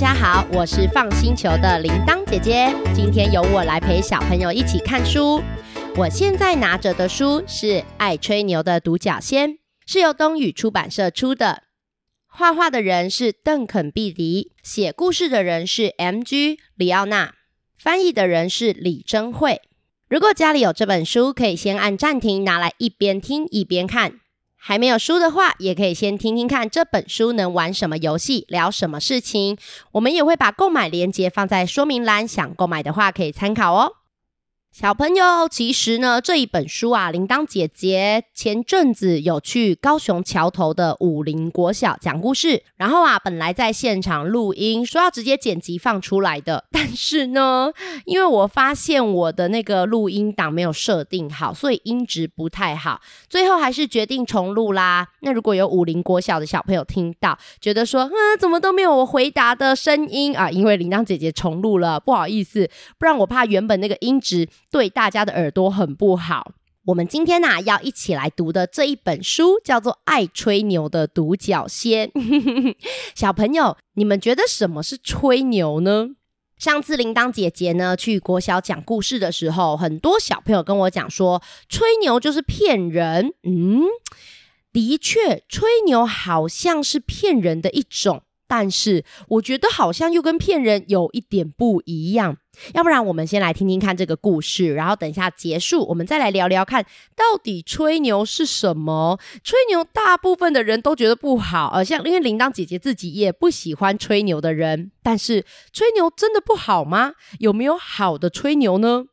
大家好，我是 FUN 星球的鈴鐺姐姐。今天由我來陪小朋友一起看書。我現在拿着的書是《愛吹牛的獨角仙》，是由東雨出版社出的。畫畫的人是鄧肯·畢迪，寫故事的人是 M·G· 里奧娜，翻譯的人是李貞慧。如果家裡有這本書，可以先按暫停，拿來一邊聽一邊看。還沒有書的話，也可以先聽聽看這本書能玩什麼遊戲、聊什麼事情。我們也會把購買連結放在說明欄，想購買的話可以參考哦。小朋友，其實呢，這一本書啊，鈴鐺姐姐前陣子有去高雄橋頭的五林國小講故事，然後啊，本來在現場錄音，說要直接剪輯放出來的，但是呢，因為我發現我的那個錄音檔沒有設定好，所以音質不太好，最後還是決定重錄啦。那如果有五林國小的小朋友聽到，覺得說，嗯，怎麼都沒有我回答的聲音啊？因為鈴鐺姐姐重錄了，不好意思，不然我怕原本那個音質。對大家的耳朵很不好。我們今天呢、啊，要一起來讀的這一本書叫做《愛吹牛的獨角仙》。 小朋友，你們覺得什麼是吹牛呢？上次鈴鐺姐姐呢去國小講故事的時候，很多小朋友跟我講說，吹牛就是騙人。嗯，的確，吹牛好像是騙人的一種，但是我覺得好像又跟騙人有一點不一樣。要不然，我們先來聽聽看這個故事，然後等一下結束，我們再來聊聊看到底吹牛是什麼？吹牛大部分的人都覺得不好，呃、啊，像因為鈴鐺姐姐自己也不喜歡吹牛的人。但是，吹牛真的不好嗎？有沒有好的吹牛呢？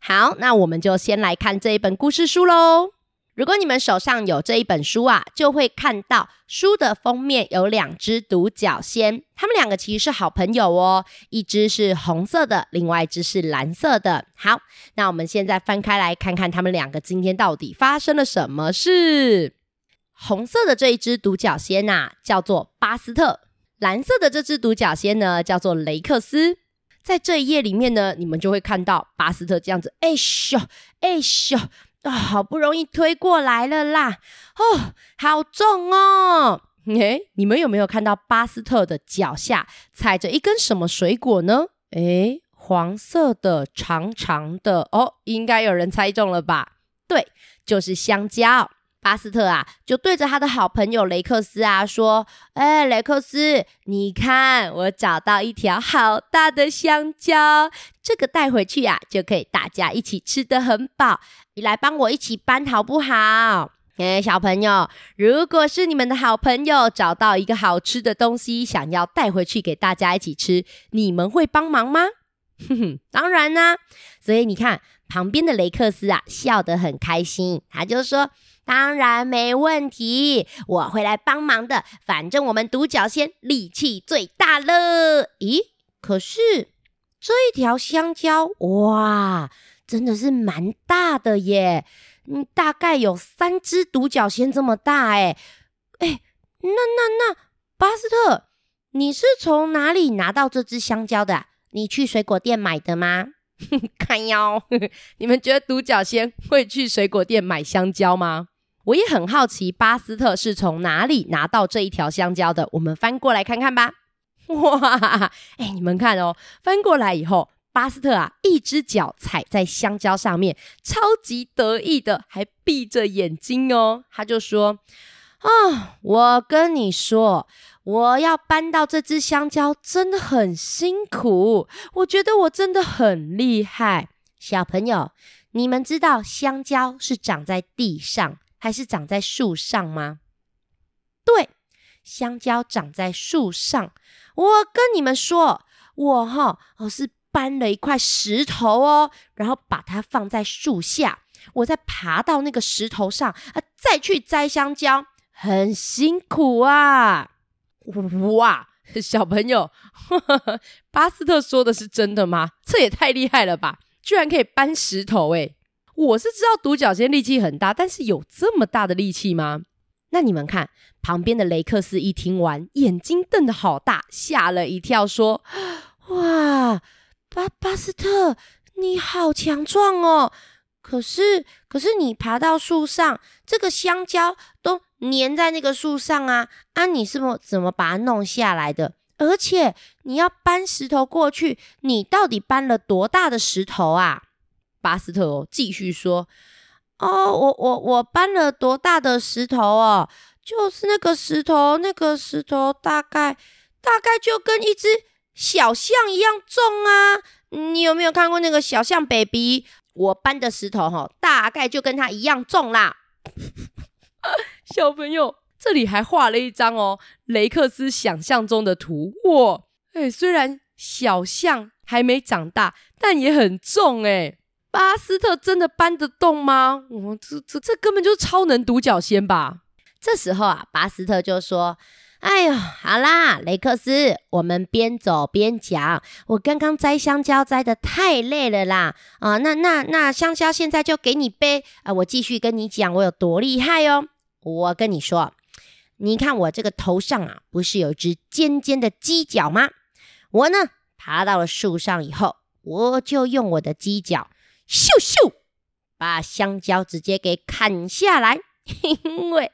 好，那我們就先來看這一本故事書嘍。如果你們手上有這一本書啊，就會看到書的封面有兩隻獨角仙，他們兩個其實是好朋友哦，一隻是紅色的，另外一隻是藍色的。好，那我們現在翻開來看看他們兩個今天到底發生了什麼事。紅色的這一隻獨角仙啊，叫做巴斯特；藍色的這隻獨角仙呢，叫做雷克斯。在這一頁裡面呢，你們就會看到巴斯特這樣子，哎咻，哎咻。哦，好不容易推過來了啦，哦，好重哦！哎，你們有沒有看到巴斯特的腳下踩着一根什麼水果呢？誒，黃色的、長長的哦，應該有人猜中了吧？對，就是香蕉。巴斯特啊，就對着他的好朋友雷克斯啊說：“哎，雷克斯，你看我找到一條好大的香蕉，這個帶回去呀，就可以大家一起吃得很飽。你來幫我一起搬好不好？”哎，小朋友，如果是你們的好朋友找到一個好吃的東西，想要帶回去給大家一起吃，你們會幫忙嗎？哼哼，當然啦。所以你看，旁邊的雷克斯啊，笑得很開心，他就說。當然沒問題，我會來幫忙的。反正我們獨角仙力氣最大了。咦？可是這一條香蕉哇，真的是蠻大的耶。嗯，大概有三隻獨角仙這麼大耶誒。哎，那那那，巴斯特，你是從哪裡拿到這隻香蕉的啊？你去水果店買的嗎？哼，看喲，哼，你們覺得獨角仙會去水果店買香蕉嗎？我也很好奇，巴斯特是從哪裡拿到這一條香蕉的？我們翻過來看看吧。哇，哈哈，哎，你們看哦，翻過來以後，巴斯特啊，一隻腳踩在香蕉上面，超級得意的，還閉着眼睛哦。他就說：“啊、哦，我跟你說，我要搬到這隻香蕉真的很辛苦，我覺得我真的很厲害。”小朋友，你們知道香蕉是長在地上？還是長在樹上嗎？對，香蕉長在樹上。我跟你們說，我哈、哦、我是搬了一塊石頭哦，然後把它放在樹下，我再爬到那個石頭上啊，再去摘香蕉，很辛苦啊！哇，小朋友，呵呵，巴斯特說的是真的嗎？這也太厲害了吧！居然可以搬石頭、欸，哎。我是知道獨角仙力氣很大，但是有這麼大的力氣嗎？那你們看旁邊的雷克斯一聽完，眼睛瞪得好大，嚇了一跳，說：“哇，巴巴斯特，你好強壯哦！可是，可是你爬到樹上，這個香蕉都粘在那個樹上啊！啊，你是不怎麼把它弄下來的？而且你要搬石頭過去，你到底搬了多大的石頭啊？”巴斯特哦，繼續說哦，我我我搬了多大的石頭哦？就是那個石頭，那個石頭大概大概就跟一隻小象一樣重啊！你有沒有看過那個小象 baby？我搬的石頭哦，大概就跟它一樣重啦、 啊。小朋友，這裡還畫了一張哦，雷克斯想象中的圖哇！哎，雖然小象還沒長大，但也很重哎。巴斯特真的搬得動嗎？我這這這根本就是超能獨角仙吧！這時候啊，巴斯特就說：“哎呦，好啦，雷克斯，我們邊走邊講。我剛剛摘香蕉摘得太累了啦，啊，那那那香蕉現在就給你背。啊，我繼續跟你講我有多厲害哦。我跟你說，你看我這個頭上啊，不是有一隻尖尖的犄角嗎？我呢，爬到了樹上以後，我就用我的犄角。”咻咻，把香蕉直接給砍下來，因為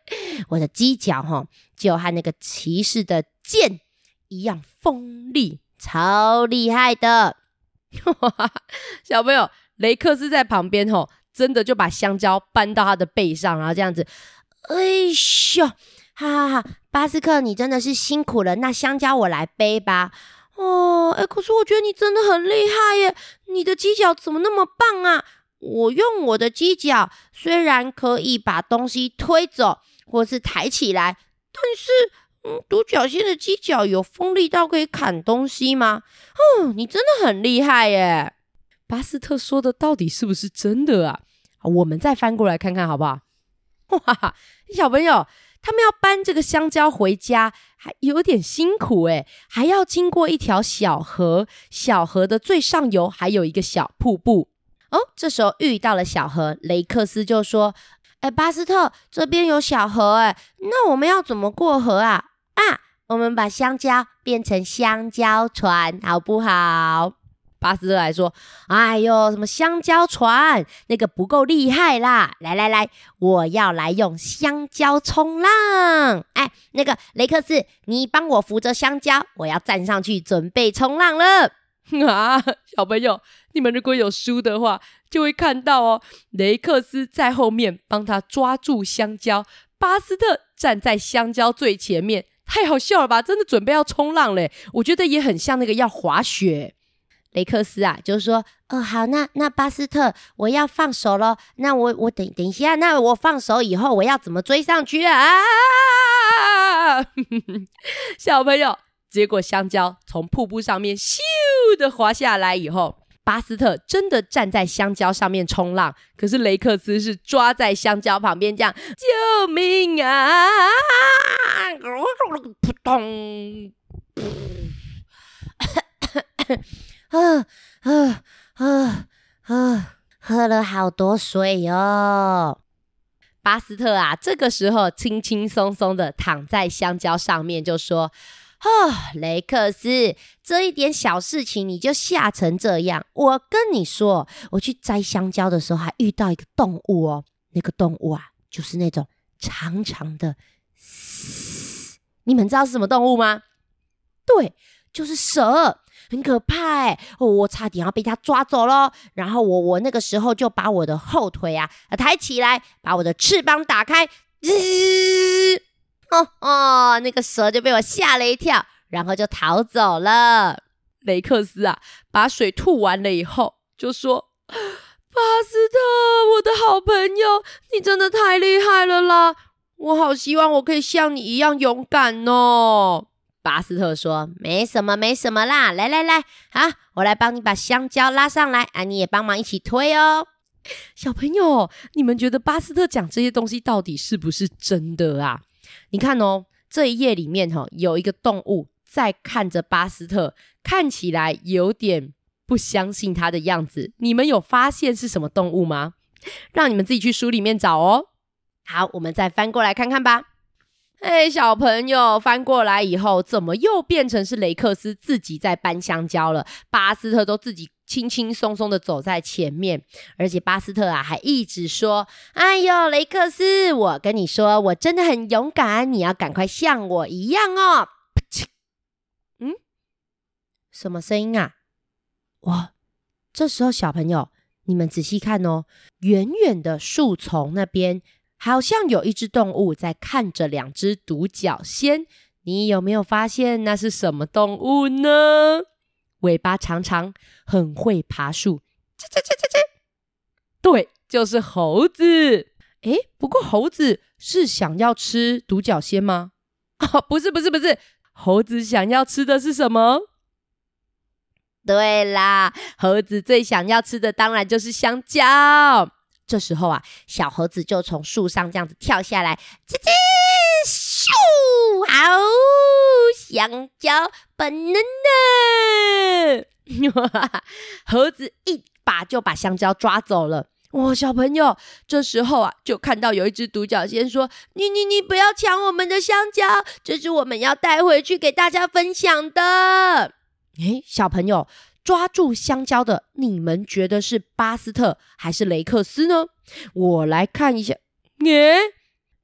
我的犄角、哦、就和那個騎士的劍一樣鋒利，超厲害的。小朋友雷克斯在旁邊、哦、真的就把香蕉搬到他的背上，然後這樣子，哎咻，哈哈哈，巴斯克你真的是辛苦了，那香蕉我來背吧。哦誒，可是我覺得你真的很厲害耶！你的犄角怎麼那麼棒啊？我用我的犄角，雖然可以把東西推走或是抬起來，但是，嗯，獨角仙的犄角有鋒利到可以砍東西嗎？哦，你真的很厲害耶！巴斯特說的到底是不是真的啊？我們再翻過來看看好不好？哇， 小朋友！他們要搬這個香蕉回家，還有點辛苦誒，還要經過一條小河，小河的最上游還有一個小瀑布。哦，這時候遇到了小河，雷克斯就說：“哎，巴斯特，這邊有小河誒，那我們要怎麼過河啊？”啊，我們把香蕉變成香蕉船好不好？巴斯特還說：“哎呦，什麼香蕉船那個不夠厲害啦！來來來，我要來用香蕉衝浪！哎，那個雷克斯，你幫我扶着香蕉，我要站上去準備衝浪了。”嗯、啊，小朋友，你們如果有書的話，就會看到哦。雷克斯在後面幫他抓住香蕉，巴斯特站在香蕉最前面，太好笑了吧？真的準備要衝浪嘞！我覺得也很像那個要滑雪。雷克斯啊，就說，哦，好，那那巴斯特，我要放手嘍。那我我等等一下，那我放手以後，我要怎麼追上去啊？ 小朋友，結果香蕉從瀑布上面咻的滑下來以後，巴斯特真的站在香蕉上面衝浪，可是雷克斯是抓在香蕉旁邊，這樣，救命啊！撲通！啊啊啊啊！喝了好多水喲、哦，巴斯特啊，這個時候輕輕鬆鬆的躺在香蕉上面，就說：“啊，雷克斯，這一點小事情你就嚇成這樣？我跟你說，我去摘香蕉的時候還遇到一個動物哦，那個動物啊，就是那種長長的嘶，你們知道是什麼動物嗎？對，就是蛇。”很可怕哎、欸哦！我差點要被他抓走嘍。然後我我那個時候就把我的後腿啊抬起來，把我的翅膀打開，吱、呃、哦哦，那個蛇就被我嚇了一跳，然後就逃走了。雷克斯啊，把水吐完了以後，就說：“巴斯特，我的好朋友，你真的太厲害了啦！我好希望我可以像你一樣勇敢哦。”巴斯特說：“沒什麼，沒什麼啦。來來來，啊，我來幫你把香蕉拉上來，啊，你也幫忙一起推哦。小朋友，你們覺得巴斯特講這些東西到底是不是真的啊？你看哦，這一頁裡面哈、哦、有一個動物在看着巴斯特，看起來有點不相信他的樣子。你們有發現是什麼動物嗎？讓你們自己去書裡面找哦。好，我們再翻過來看看吧。”哎、欸，小朋友，翻過來以後，怎麼又變成是雷克斯自己在搬香蕉了？巴斯特都自己輕輕鬆鬆的走在前面，而且巴斯特啊，還一直說：“哎喲，雷克斯，我跟你說，我真的很勇敢，你要趕快像我一樣哦。”嗯？什麼聲音啊？哇！這時候，小朋友，你們仔細看哦，遠遠的樹叢那邊。好像有一隻動物在看着兩隻獨角仙，你有沒有發現那是什麼動物呢？尾巴長長，很會爬樹，嘰嘰嘰嘰嘰，對，就是猴子。誒，不過猴子是想要吃獨角仙嗎？哦，不是，不是，不是，猴子想要吃的是什麼？對啦，猴子最想要吃的當然就是香蕉。這時候啊，小猴子就從樹上這樣子跳下來，啾啾，咻，好、哦，香蕉 Banana，猴 子一把就把香蕉抓走了。哇、哦，小朋友，這時候啊，就看到有一只獨角仙說：“你你你，不要搶我們的香蕉，這是我們要帶回去給大家分享的。”哎，小朋友。抓住香蕉的，你們覺得是巴斯特還是雷克斯呢？我來看一下、欸，耶，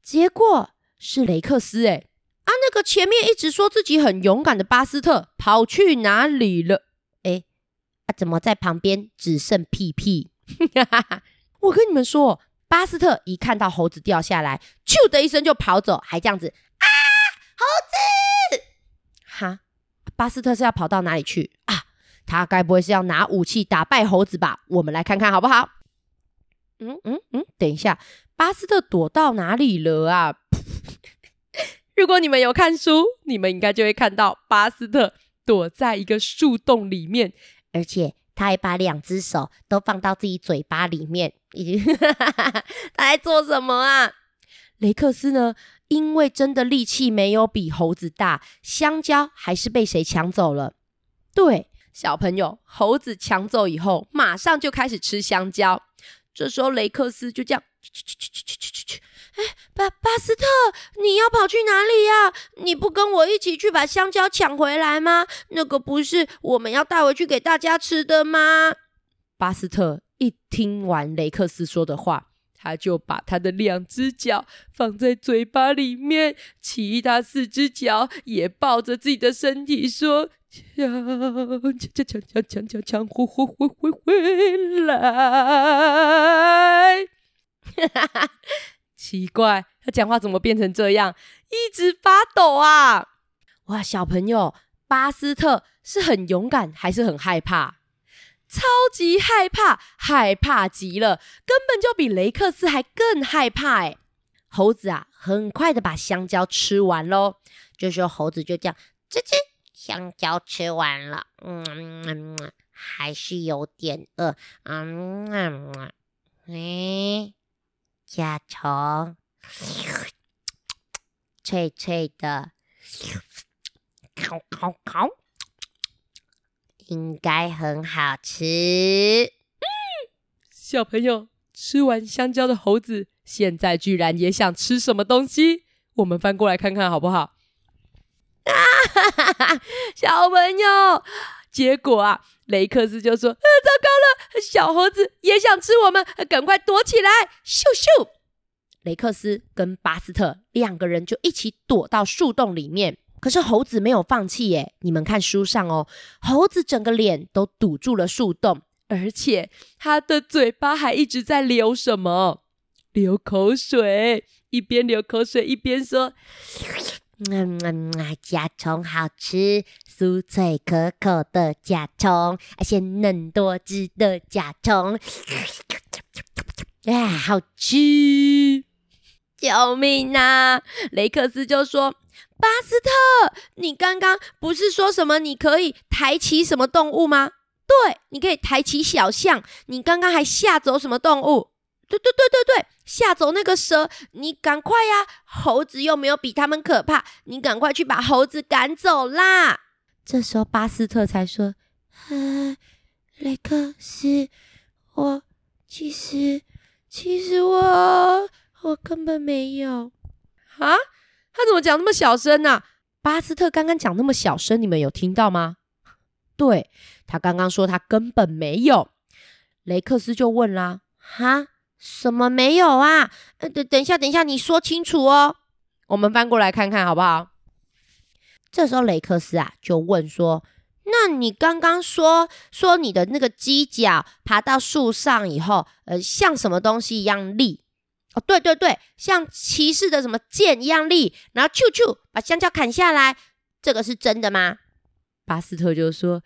結果是雷克斯哎、欸！啊，那個前面一直說自己很勇敢的巴斯特跑去哪裡了？哎、欸，啊，怎麼在旁邊只剩屁屁？哈哈哈，我跟你們說哦，巴斯特一看到猴子掉下來，咻的一聲就跑走，還這樣子啊！猴子，哈，巴斯特是要跑到哪裡去啊？他該不會是要拿武器打敗猴子吧？我們來看看好不好？嗯嗯嗯，等一下，巴斯特躲到哪裡了啊？ 如果你們有看書，你們應該就會看到巴斯特躲在一個樹洞裡面，而且他還把兩隻手都放到自己嘴巴裡面。咦，哈哈，他在做什麼啊？雷克斯呢？因為真的力氣沒有比猴子大，香蕉還是被誰搶走了？對。小朋友，猴子搶走以後，馬上就開始吃香蕉。這時候雷克斯就這樣，去去去去去去去去！哎，巴巴斯特，你要跑去哪裡呀？你不跟我一起去把香蕉搶回來嗎？那個不是我們要帶回去給大家吃的嗎？巴斯特一聽完雷克斯說的話，他就把他的兩隻腳放在嘴巴裡面，其他四隻腳也抱着自己的身體說。強強強強強強強，回回回回回來！哈哈，奇怪，他講話怎麼變成這樣？一直發抖啊！哇，小朋友，巴斯特是很勇敢，還是很害怕？超級害怕，害怕極了，根本就比雷克斯還更害怕、欸！哎，猴子啊，很快的把香蕉吃完嘍。就說猴子就這樣吱吱。嘖嘖香蕉吃完了，嗯，嗯嗯還是有點餓，嗯，哎、嗯，甲、嗯、蟲，嗯欸、甲脆脆的，烤烤烤，應該很好吃。小朋友，吃完香蕉的猴子，現在居然也想吃什麼東西？我們翻過來看看好不好？哈， 小朋友，結果啊，雷克斯就說：“呃，糟糕了，小猴子也想吃我們，趕快躲起來！”咻咻，雷克斯跟巴斯特兩個人就一起躲到樹洞裡面。可是猴子沒有放棄耶，你們看書上哦，猴子整個臉都堵住了樹洞，而且他的嘴巴還一直在流什麼？流口水，一邊流口水一邊說。 嗯嗯嗯，甲蟲好吃，酥脆可口的甲蟲，啊，鮮嫩多汁的甲蟲，啊好吃！救命啊！雷克斯就說：“巴斯特，你剛剛不是說什麼你可以抬起什麼動物嗎？對，你可以抬起小象。你剛剛還嚇走什麼動物？對對對對對。”嚇走那個蛇，你趕快呀、啊！猴子又沒有比他們可怕，你趕快去把猴子趕走啦！這時候，巴斯特才說：“唉、呃，雷克斯，我其實其實我我根本沒有啊！他怎麼講那麼小聲呢、啊？巴斯特剛剛講那麼小聲，你們有聽到嗎？對，他剛剛說他根本沒有，雷克斯就問啦：哈、啊？”什麼沒有啊？呃，等等一下，等一下，你說清楚哦。我們翻過來看看好不好？這時候雷克斯啊，就問說：“那你剛剛說說你的那個犄角爬到樹上以後，呃，像什麼東西一樣立？哦，對對對，像騎士的什麼劍一樣立，然後啾啾把香蕉砍下來，這個是真的嗎？”巴斯特就說。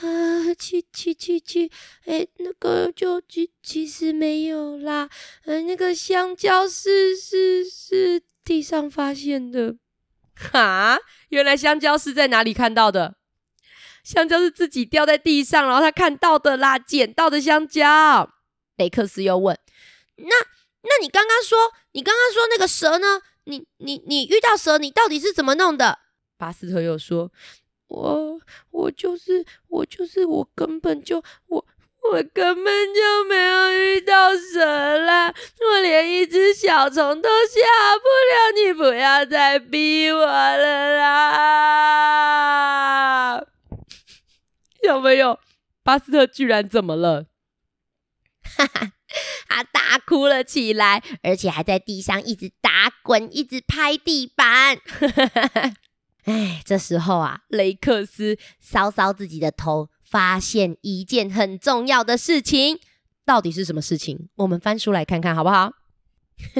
啊，其其其其，哎、欸，那個就其其實沒有啦。呃、欸，那個香蕉是是是地上發現的。啊，原來香蕉是在哪裡看到的？香蕉是自己掉在地上，然後他看到的啦，撿到的香蕉。雷克斯又問：“那那你剛剛說，你剛剛說那個蛇呢？你你你遇到蛇，你到底是怎麼弄的？”巴斯特又說。我我就是我就是我根本就我我根本就沒有遇到蛇啦！我連一隻小蟲都嚇不了，你不要再逼我了啦！ 有沒有？巴斯特居然怎麼了？哈哈，他大哭了起來，而且還在地上一直打滾，一直拍地板。哈哈哈哈。哎，這時候啊，雷克斯搔搔自己的頭，發現一件很重要的事情。到底是什麼事情？我們翻書來看看好不好？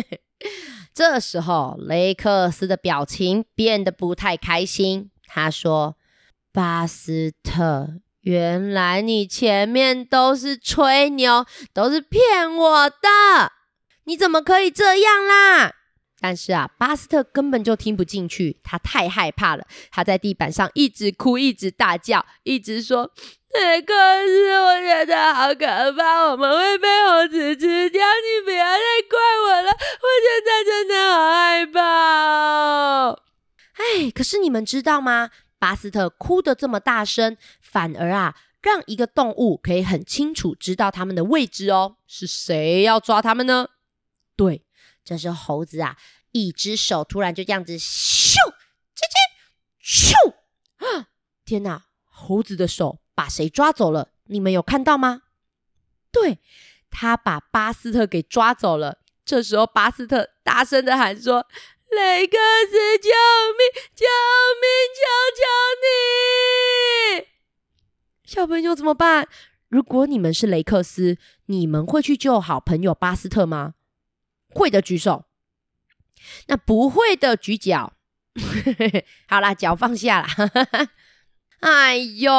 這時候，雷克斯的表情變得不太開心。他說：“巴斯特，原來你前面都是吹牛，都是騙我的，你怎麼可以這樣啦？”但是啊，巴斯特根本就聽不進去，他太害怕了。他在地板上一直哭，一直大叫，一直說：“哎，可是我覺得好可怕，我們會被猴子吃掉！你不要再怪我了，我現在真的好害怕哦。”哎，可是你們知道嗎？巴斯特哭得這麼大聲，反而啊，讓一個動物可以很清楚知道他們的位置哦。是誰要抓他們呢？對，這是猴子啊。一隻手突然就這樣子咻，吱吱咻！天哪，猴子的手把誰抓走了？你們有看到嗎？對，他把巴斯特給抓走了。這時候巴斯特大聲的喊說：“雷克斯，救命！救命！求求你！”小朋友怎麼辦？如果你們是雷克斯，你們會去救好朋友巴斯特嗎？會的，舉手。那不會的舉，舉腳，好啦，腳放下啦。 哎呦，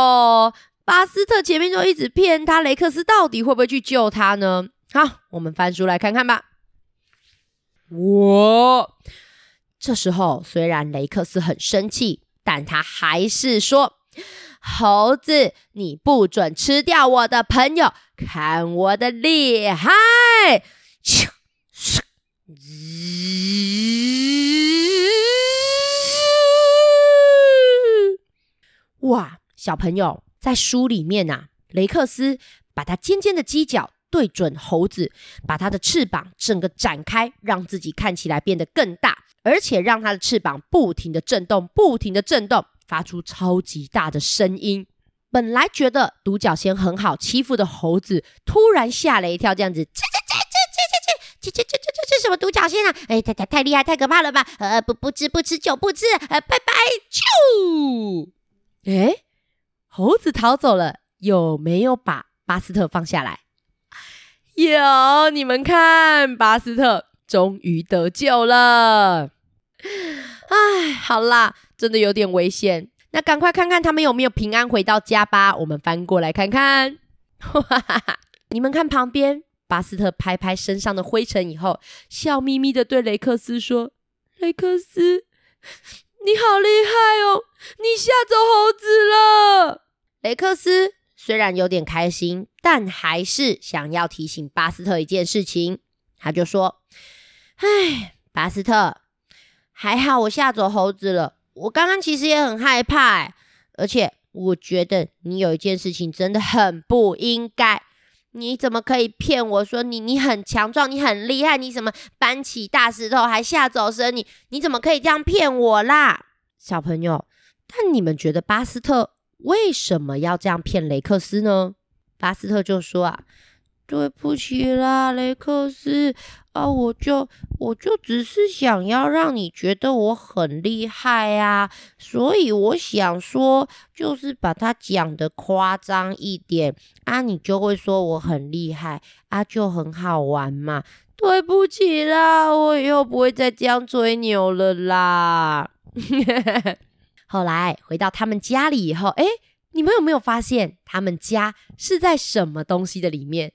巴斯特前面就一直騙他，雷克斯到底會不會去救他呢？好，我們翻書來看看吧。我這時候雖然雷克斯很生氣，但他還是說：“猴子，你不准吃掉我的朋友，看我的厲害！”咦！哇，小朋友，在書裡面啊，雷克斯把它尖尖的犄角對準猴子，把它的翅膀整個展開，讓自己看起來變得更大，而且讓它的翅膀不停的震動，不停的震動，發出超級大的聲音。本來覺得獨角仙很好欺負的猴子，突然嚇了一跳，這樣子。嘆嘆嘆這這這這這什麼獨角仙啊！哎、欸，太太太厲害，太可怕了吧？呃，不不吃不吃就不吃，呃，拜拜！啾！哎、欸，猴子逃走了，有沒有把巴斯特放下來？有，你們看，巴斯特終於得救了。哎，好啦，真的有點危險，那趕快看看他們有沒有平安回到家吧。我們翻過來看看，哈哈哈哈，你們看旁邊。巴斯特拍拍身上的灰塵以後，笑眯眯的對雷克斯說：“雷克斯，你好厲害哦，你嚇走猴子了。”雷克斯雖然有點開心，但還是想要提醒巴斯特一件事情，他就說：“哎，巴斯特，還好我嚇走猴子了。我剛剛其實也很害怕，欸，哎，而且我覺得你有一件事情真的很不應該。”你怎麼可以騙我說你你很強壯，你很厲害，你什麼搬起大石頭還嚇走蛇？你你怎麼可以這樣騙我啦，小朋友？但你們覺得巴斯特為什麼要這樣騙雷克斯呢？巴斯特就說啊。對不起啦，雷克斯啊，我就我就只是想要讓你覺得我很厲害啊，所以我想說，就是把它講的誇張一點啊，你就會說我很厲害啊，就很好玩嘛。對不起啦，我以後不會再這樣吹牛了啦。 後來回到他們家裡以後，誒，你們有沒有發現他們家是在什麼東西的裡面？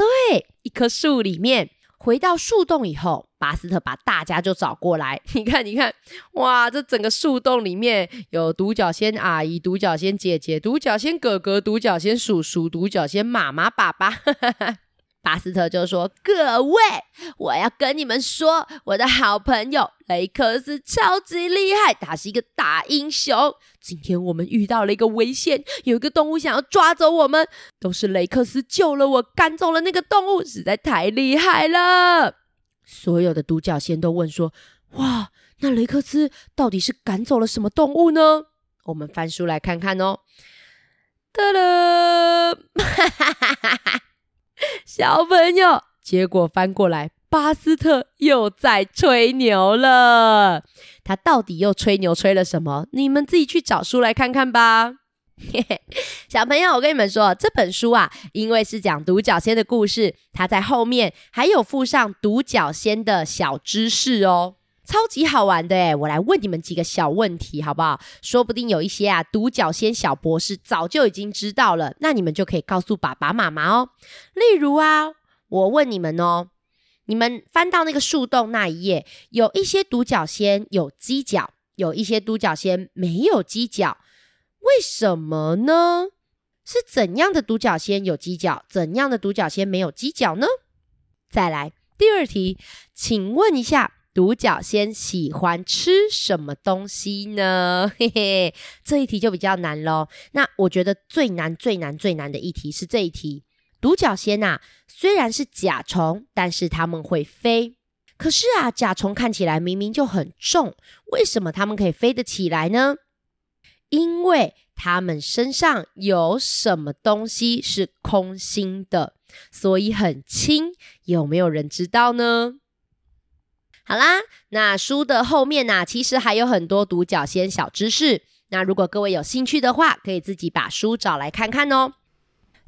對，一棵樹裡面，回到樹洞以後，巴斯特把大家就找過來。你看，你看，哇，這整個樹洞裡面有獨角仙阿姨、獨角仙姐姐、獨角仙哥哥、獨角仙叔叔、獨角仙媽媽、爸爸。哈哈哈。巴斯特就說：“各位，我要跟你們說，我的好朋友雷克斯超級厲害，他是一個大英雄。今天我們遇到了一個危險，有一個動物想要抓走我們，都是雷克斯救了我，趕走了那個動物，實在太厲害了。”所有的獨角仙都問說：“哇，那雷克斯到底是趕走了什麼動物呢？”我們翻書來看看哦。噔噔，哈哈哈哈哈哈。小朋友，結果翻過來，巴斯特又在吹牛了。他到底又吹牛吹了什麼？你們自己去找書來看看吧。 小朋友，我跟你們說，這本書啊，因為是講獨角仙的故事，它在後面還有附上獨角仙的小知識哦。超級好玩的誒，我來問你們幾個小問題，好不好？說不定有一些啊，獨角仙小博士早就已經知道了，那你們就可以告訴爸爸媽媽哦。例如啊，我問你們哦，你們翻到那個樹洞那一頁，有一些獨角仙有犄角，有一些獨角仙沒有犄角，為什麼呢？是怎樣的獨角仙有犄角，怎樣的獨角仙沒有犄角呢？再來第二題，請問一下。獨角仙喜歡吃什麼東西呢？嘿嘿，這一題就比較難咯。那我覺得最難最難最難的一題是這一題。獨角仙啊，雖然是甲蟲，但是它們會飛。可是啊，甲蟲看起來明明就很重，為什麼它們可以飛得起來呢？因為它們身上有什麼東西是空心的，所以很輕。有沒有人知道呢？好啦，那書的後面呢、啊，其實還有很多獨角仙小知識。那如果各位有興趣的話，可以自己把書找來看看哦、喔。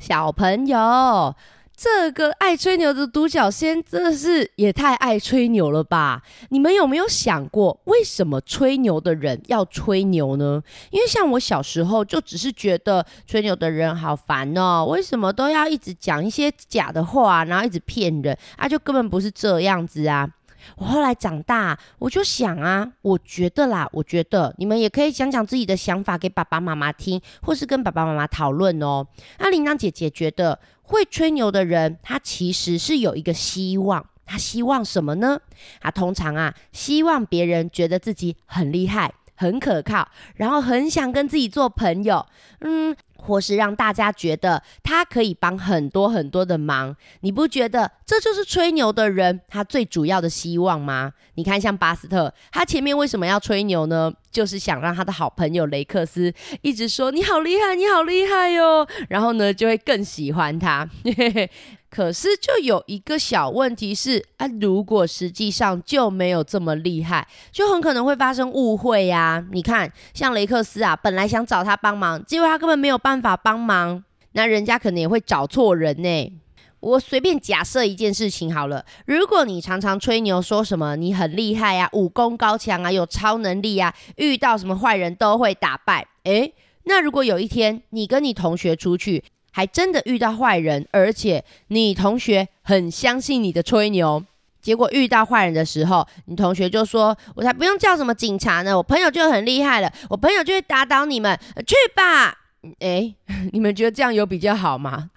小朋友，這個愛吹牛的獨角仙真的是也太愛吹牛了吧？你們有沒有想過，為什麼吹牛的人要吹牛呢？因為像我小時候，就只是覺得吹牛的人好煩哦、喔，為什麼都要一直講一些假的話、啊，然後一直騙人啊？就根本不是這樣子啊。我後來長大，我就想啊，我覺得啦，我覺得你們也可以講講自己的想法給爸爸媽媽聽，或是跟爸爸媽媽討論哦。那、啊、鈴鐺姐姐覺得，會吹牛的人，他其實是有一個希望，他希望什麼？呢？啊，通常啊，希望別人覺得自己很厲害、很可靠，然後很想跟自己做朋友。嗯。或是讓大家覺得他可以幫很多很多的忙，你不覺得這就是吹牛的人他最主要的希望嗎？你看，像巴斯特，他前面為什麼要吹牛呢？就是想讓他的好朋友雷克斯一直說你好厲害，你好厲害哦，然後呢，就會更喜歡他。 可是，就有一個小問題是啊，如果實際上就沒有這麼厲害，就很可能會發生誤會呀、啊。你看，像雷克斯啊，本來想找他幫忙，結果他根本沒有辦法幫忙，那人家可能也會找錯人呢。我隨便假設一件事情好了，如果你常常吹牛，說什麼你很厲害啊，武功高強啊，有超能力啊，遇到什麼壞人都會打敗。誒，那如果有一天你跟你同學出去，還真的遇到壞人，而且你同學很相信你的吹牛。結果遇到壞人的時候，你同學就說：“我才不用叫什麼警察呢，我朋友就很厲害了，我朋友就會打倒你們去吧。欸”誒，你們覺得這樣有比較好嗎？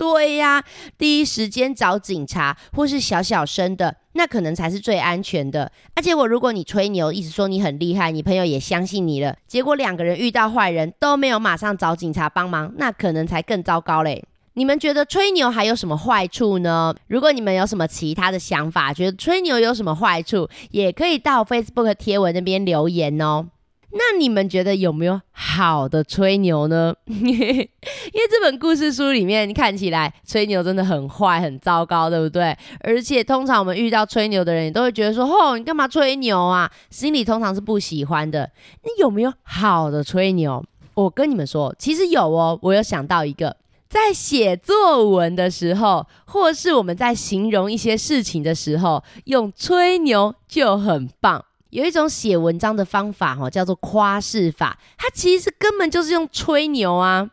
對呀、啊，第一時間找警察或是小小聲的，那可能才是最安全的。而且，我如果你吹牛，一直說你很厲害，你朋友也相信你了，結果兩個人遇到壞人都沒有馬上找警察幫忙，那可能才更糟糕嘞。你們覺得吹牛還有什麼壞處呢？如果你們有什麼其他的想法，覺得吹牛有什麼壞處，也可以到 Facebook 貼文那邊留言哦。那你們覺得有沒有好的吹牛呢？ 因為這本故事書裡面你看起來吹牛真的很壞、很糟糕，對不對？而且通常我們遇到吹牛的人，也都會覺得說：“哦，你幹嘛吹牛啊？”心裡通常是不喜歡的。那有沒有好的吹牛？我跟你們說，其實有哦。我有想到一個，在寫作文的時候，或是我們在形容一些事情的時候，用吹牛就很棒。有一種寫文章的方法、哦，叫做誇飾法。它其實根本就是用吹牛啊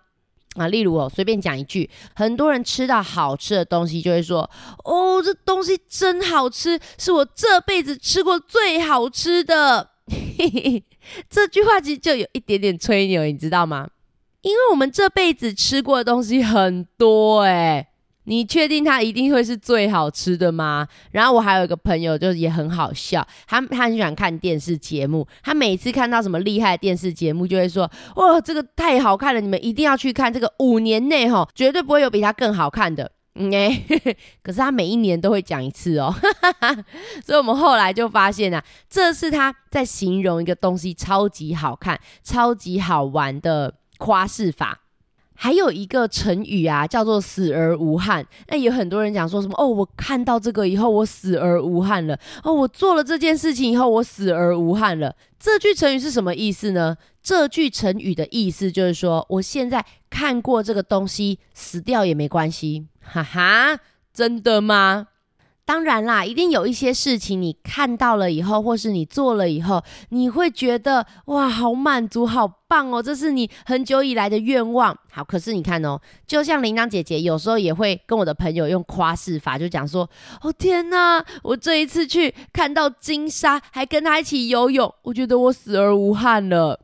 啊！例如哦，隨便講一句，很多人吃到好吃的東西就會說：“哦，這東西真好吃，是我這輩子吃過最好吃的。 ”這句話其實就有一點點吹牛，你知道嗎？因為我們這輩子吃過的東西很多哎、欸。你確定它一定會是最好吃的嗎？然後我還有一個朋友，就是也很好笑他，他很喜歡看電視節目，他每次看到什麼厲害的電視節目，就會說，哇，這個太好看了，你們一定要去看，這個五年內哈、哦，絕對不會有比它更好看的，嗯、欸，哎，可是他每一年都會講一次哦，哈哈哈，所以我們後來就發現啊，這是他在形容一個東西超級好看、超級好玩的誇飾法。還有一個成語啊，叫做“死而無憾”。那有很多人講說什麼哦，我看到這個以後，我死而無憾了；哦，我做了這件事情以後，我死而無憾了。這句成語是什麼意思呢？這句成語的意思就是說，我現在看過這個東西，死掉也沒關係。哈哈，真的嗎？當然啦，一定有一些事情你看到了以後，或是你做了以後，你會覺得哇，好滿足，好棒哦！這是你很久以來的願望。好，可是你看哦，就像鈴鐺姐姐有時候也會跟我的朋友用誇飾法，就講說：“哦天哪，我這一次去看到鯨鯊，還跟他一起游泳，我覺得我死而無憾了。 ”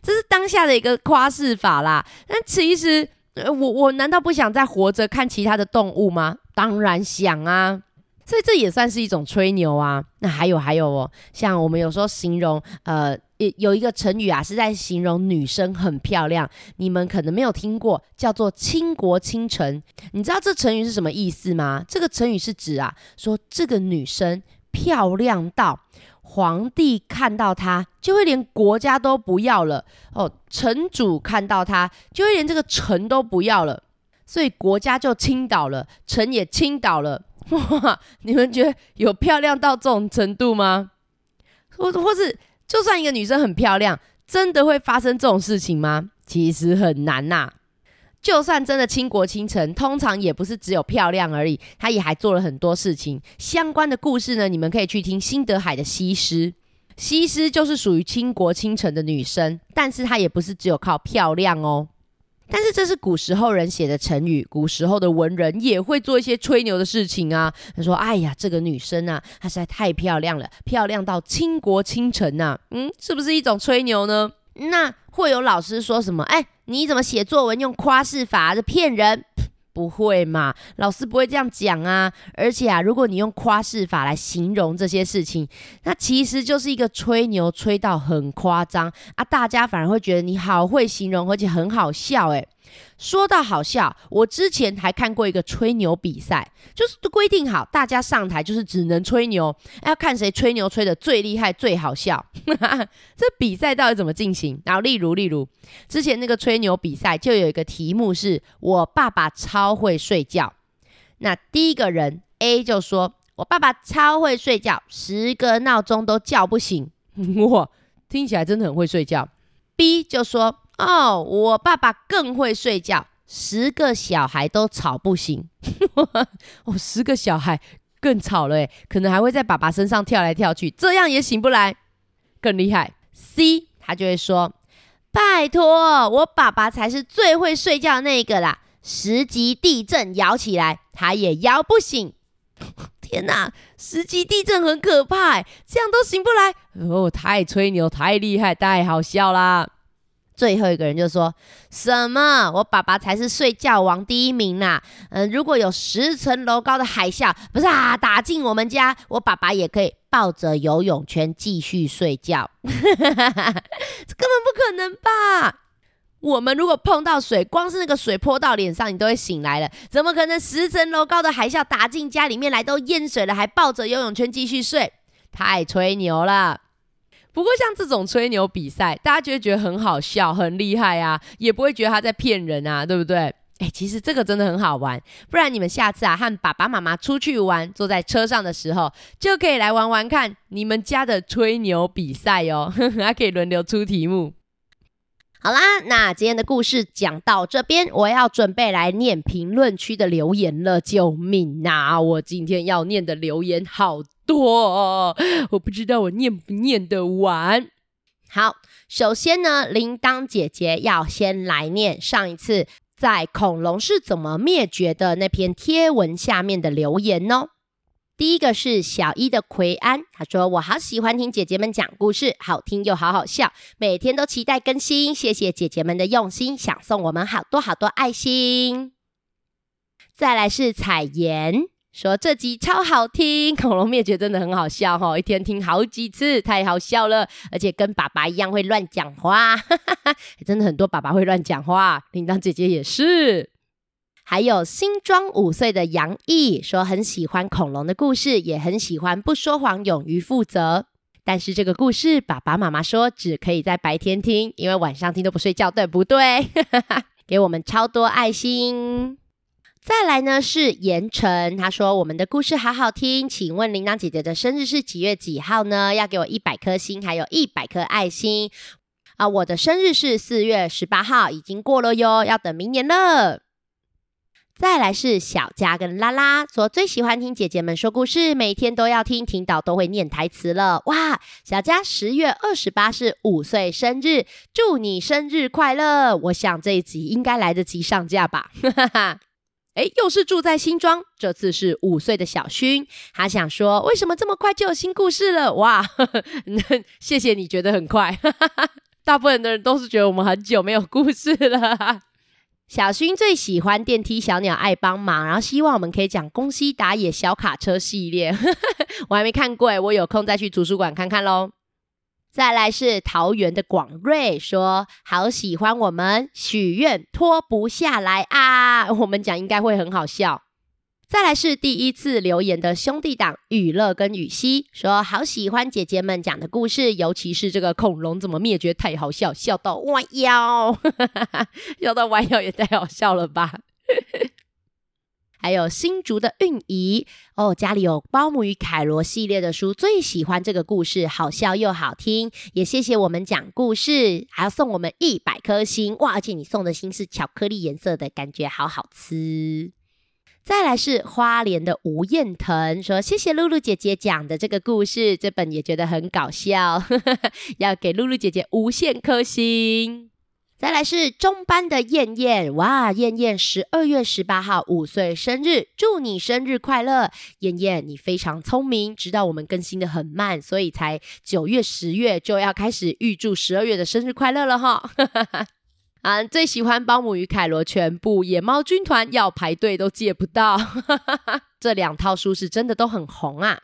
這是當下的一個誇飾法啦。但其實，呃、我我難道不想再活着看其他的動物嗎？當然想啊，所以這也算是一種吹牛啊。那還有還有哦，像我們有時候形容，呃，有一個成語啊，是在形容女生很漂亮。你們可能沒有聽過，叫做“傾國傾城”。你知道這成語是什麼意思嗎？這個成語是指啊，說這個女生漂亮到皇帝看到她就會連國家都不要了哦，城主看到她就會連這個城都不要了。所以國家就傾倒了，城也傾倒了。哇，你們覺得有漂亮到這種程度嗎？或或是，就算一個女生很漂亮，真的會發生這種事情嗎？其實很難吶、啊。就算真的傾國傾城，通常也不是只有漂亮而已，她也還做了很多事情。相關的故事呢，你們可以去聽《辛德海的西施》，西施就是屬於傾國傾城的女生，但是她也不是只有靠漂亮哦。但是這是古時候人寫的成語，古時候的文人也會做一些吹牛的事情啊。他說：“哎呀，這個女生啊，她實在太漂亮了，漂亮到傾國傾城吶。”嗯，是不是一種吹牛呢？那會有老師說什麼？哎，你怎麼寫作文用誇飾法的啊，這騙人？不會嘛？老師不會這樣講啊！而且啊，如果你用誇飾法來形容這些事情，那其實就是一個吹牛吹到很誇張啊，大家反而會覺得你好會形容，而且很好笑哎、欸。說到好笑，我之前還看過一個吹牛比賽，就是都規定好大家上台，就是只能吹牛，要看誰吹牛吹得最厲害、最好笑。哈哈，這比賽到底怎麼進行？然後，例如，例如之前那個吹牛比賽，就有一個題目是“我爸爸超會睡覺”。那第一個人 A 就說：“我爸爸超會睡覺，十個鬧鐘都叫不醒。”哇，聽起來真的很會睡覺。B 就說：哦，oh, 我爸爸更會睡覺，十個小孩都吵不醒。我、 哦、十個小孩更吵了耶，可能還會在爸爸身上跳來跳去，這樣也醒不來。更厲害，C，他就會說：“拜托，我爸爸才是最會睡覺的那個啦！十級地震搖起來，他也搖不醒。”天哪、啊，十級地震很可怕，這樣都醒不來。哦，太吹牛，太厲害，太好笑了。最後一個人就說：“什麼？我爸爸才是睡覺王第一名呢、啊、嗯，如果有十層樓高的海嘯，不是啊，打進我們家，我爸爸也可以抱着游泳圈繼續睡覺。這 根本不可能吧？我們如果碰到水，光是那個水潑到臉上，你都會醒來了。怎麼可能十層樓高的海嘯打進家裡面來都淹水了，還抱着游泳圈繼續睡？太吹牛了！”不過像這種吹牛比賽，大家就會覺得很好笑、很厲害啊，也不會覺得他在騙人啊，對不對？哎、欸，其實這個真的很好玩，不然你們下次啊和爸爸媽媽出去玩，坐在車上的時候，就可以來玩玩看你們家的吹牛比賽哦，還 可以輪流出題目。好啦，那今天的故事講到這邊，我要準備來念評論區的留言了。救命啊！我今天要念的留言好多哦，我不知道我念不念得完。好，首先呢，鈴鐺姐姐要先來念上一次在恐龍是怎麼滅絕的那篇貼文下面的留言哦。第一個是小一的奎安，他說，我好喜歡聽姐姐們講故事，好聽又好好笑，每天都期待更新，謝謝姐姐們的用心，想送我們好多好多愛心。再來是彩妍，說這集超好聽，恐龍滅絕真的很好笑哈、哦，一天聽好幾次，太好笑了，而且跟爸爸一樣會亂講話哈哈哈，真的很多爸爸會亂講話，鈴鐺姐姐也是。還有新裝五歲的楊毅說，很喜歡恐龍的故事，也很喜歡不說謊、勇於負責。但是這個故事爸爸媽媽說只可以在白天聽，因為晚上聽都不睡覺，對不對？ 給我們超多愛心。再來呢是言晨，他說我們的故事好好聽，請問鈴鐺姐姐的生日是幾月幾號呢？要給我一百顆星，還有一百顆愛心啊！我的生日是四月十八號，已經過了喲，要等明年了。再來是小佳跟拉拉，說最喜歡聽姐姐們說故事，每天都要聽，聽到都會念台詞了。哇，小佳十月二十八是五歲生日，祝你生日快樂！我想這一集應該來得及上架吧。哎、 欸，又是住在新莊，這次是五歲的小薰，他想說為什麼這麼快就有新故事了？哇呵呵、嗯，謝謝你覺得很快，大部分的人都是覺得我們很久沒有故事了。小薰最喜歡電梯小鳥愛幫忙，然後希望我們可以講宮西達也小卡車系列， 我還沒看過誒，我有空再去圖書館看看嘍。再來是桃園的廣瑞說，好喜歡我們許願脫不下來啊，我們講應該會很好笑。再來是第一次留言的兄弟檔雨樂跟雨西，說好喜歡姐姐們講的故事，尤其是這個恐龍怎麼滅絕，太好笑，笑到彎腰，笑，笑到彎腰也太好笑了吧。 還有新竹的韻儀，哦，家裡有包姆與凱羅系列的書，最喜歡這個故事，好笑又好聽。也謝謝我們講故事，還要送我們一百顆星，哇！而且你送的星是巧克力顏色的，感覺好好吃。再來是花蓮的吳彥騰說：“謝謝露露姐姐講的這個故事，這本也覺得很搞笑，呵呵，要給露露姐姐無限顆星。”再來是中班的燕燕，哇，燕燕十二月十八號五歲生日，祝你生日快樂，燕燕你非常聰明，知道我們更新的很慢，所以才九月、十月就要開始預祝十二月的生日快樂了吼。呵呵呵。啊，最喜歡《保姆與凱羅》，全部《野貓軍團》要排隊都借不到， 這兩套書是真的都很紅啊！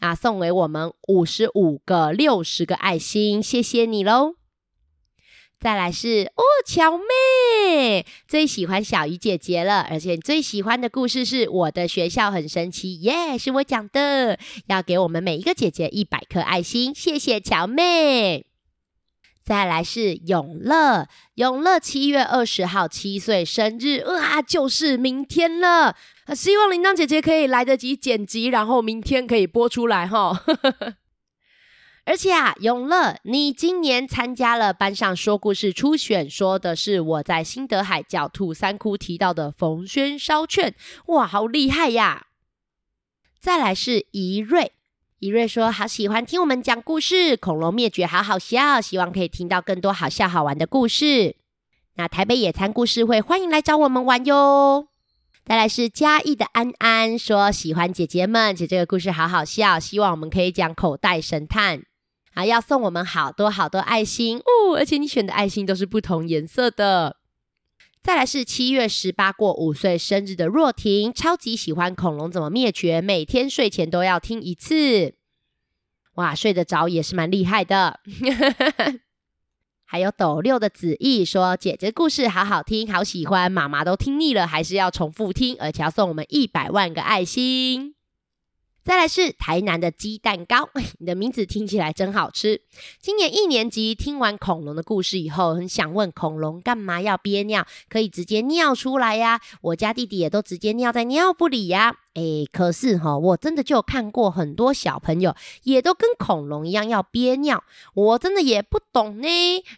啊，送給我們五十五個、六十個愛心，謝謝你嘍。再來是哦，喬妹最喜歡小魚姐姐了，而且最喜歡的故事是我的學校很神奇，耶，是我講的，要給我們每一個姐姐一百顆愛心，謝謝喬妹。再來是永樂，永樂七月二十號七歲生日，哇、啊，就是明天了，希望鈴鐺姐姐可以來得及剪輯，然後明天可以播出來哈、哦。 而且啊，永樂，你今年參加了班上說故事初選，說的是我在新德海狡兔三窟提到的馮諼燒券，哇，好厲害呀！再來是怡瑞。怡瑞說：“好喜歡聽我們講故事，恐龍滅絕好好笑，希望可以聽到更多好笑好玩的故事。”那台北野餐故事會歡迎來找我們玩喲。再來是嘉義的安安說：“喜歡姐姐們，且這個故事好好笑，希望我們可以講口袋神探。”啊，好，要送我們好多好多愛心哦，而且你選的愛心都是不同顏色的。再來是七月十八過五歲生日的若婷，超級喜歡恐龍怎麼滅絕，每天睡前都要聽一次。哇，睡得着也是蠻厲害的。 還有斗六的子毅說：“姐姐故事好好聽，好喜歡，媽媽都聽膩了，還是要重複聽，而且要送我們一百萬個愛心。”再來是台南的雞蛋糕，你的名字聽起來真好吃。今年一年級聽完恐龍的故事以後，很想問恐龍幹嘛要憋尿，可以直接尿出來呀？我家弟弟也都直接尿在尿布裡呀。哎，可是哈，我真的就看過很多小朋友也都跟恐龍一樣要憋尿，我真的也不懂呢。